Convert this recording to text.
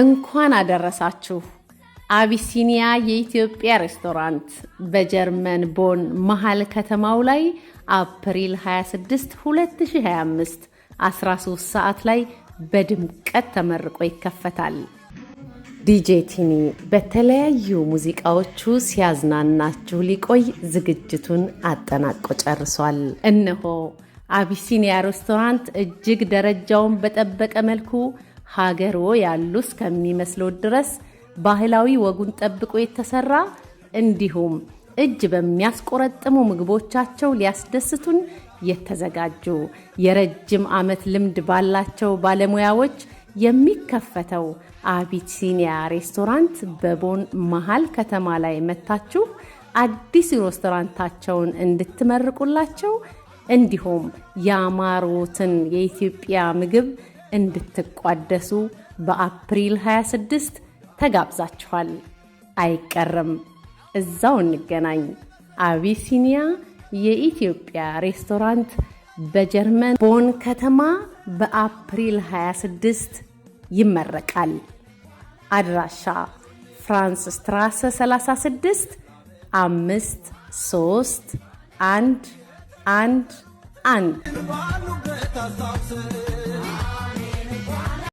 እንኳን አደረሳችሁ። አቢሲኒያ የኢትዮጵያ ሬስቶራንት በጀርመን ቦን መሃል ከተማው ላይ አፕሪል 26 2025 13 ሰዓት ላይ በድምቀት ተመርቆ ይከፈታል። ዲጄ ቲኒ በተለያዩ ሙዚቃዎቹ ሲያዝናናችሁ ሊቆይ ዝግጅቱን አጠናቆ ጨርሷል። እነሆ አቢሲኒያ ሬስቶራንት እጅግ ደረጃውን በጠበቀ መልኩ ሀገር ያሉ እስከሚመስለው ድረስ ባህላዊ ወጉን ጠብቆ የተሰራ እንዲሁም እጅ በሚያስቆረጥሙ ምግቦቻቸው ሊያስደስቱን የተዘጋጁ የረጅም ዓመት ልምድ ባላቸው ባለሙያዎች የሚከፈተው አቢሲኒያ ሬስቶራንት በቦን መሀል ከተማ ላይ መታችሁ አዲስ ሬስቶራንታቸውን እንድትመርቁላቸው እንዲሁም ያማሩትን የኢትዮጵያ ምግብ እንድትቋደሱ በአፕሪል 26 ተጋብዛችኋል። አይቀርም፣ እዛው እንገናኝ። አቢሲኒያ የኢትዮጵያ ሬስቶራንት በጀርመን ቦን ከተማ በአፕሪል 26 ይመረቃል። አድራሻ ፍራንስ ስትራሰ 36 አምስት ሶስት አንድ አንድ አንድ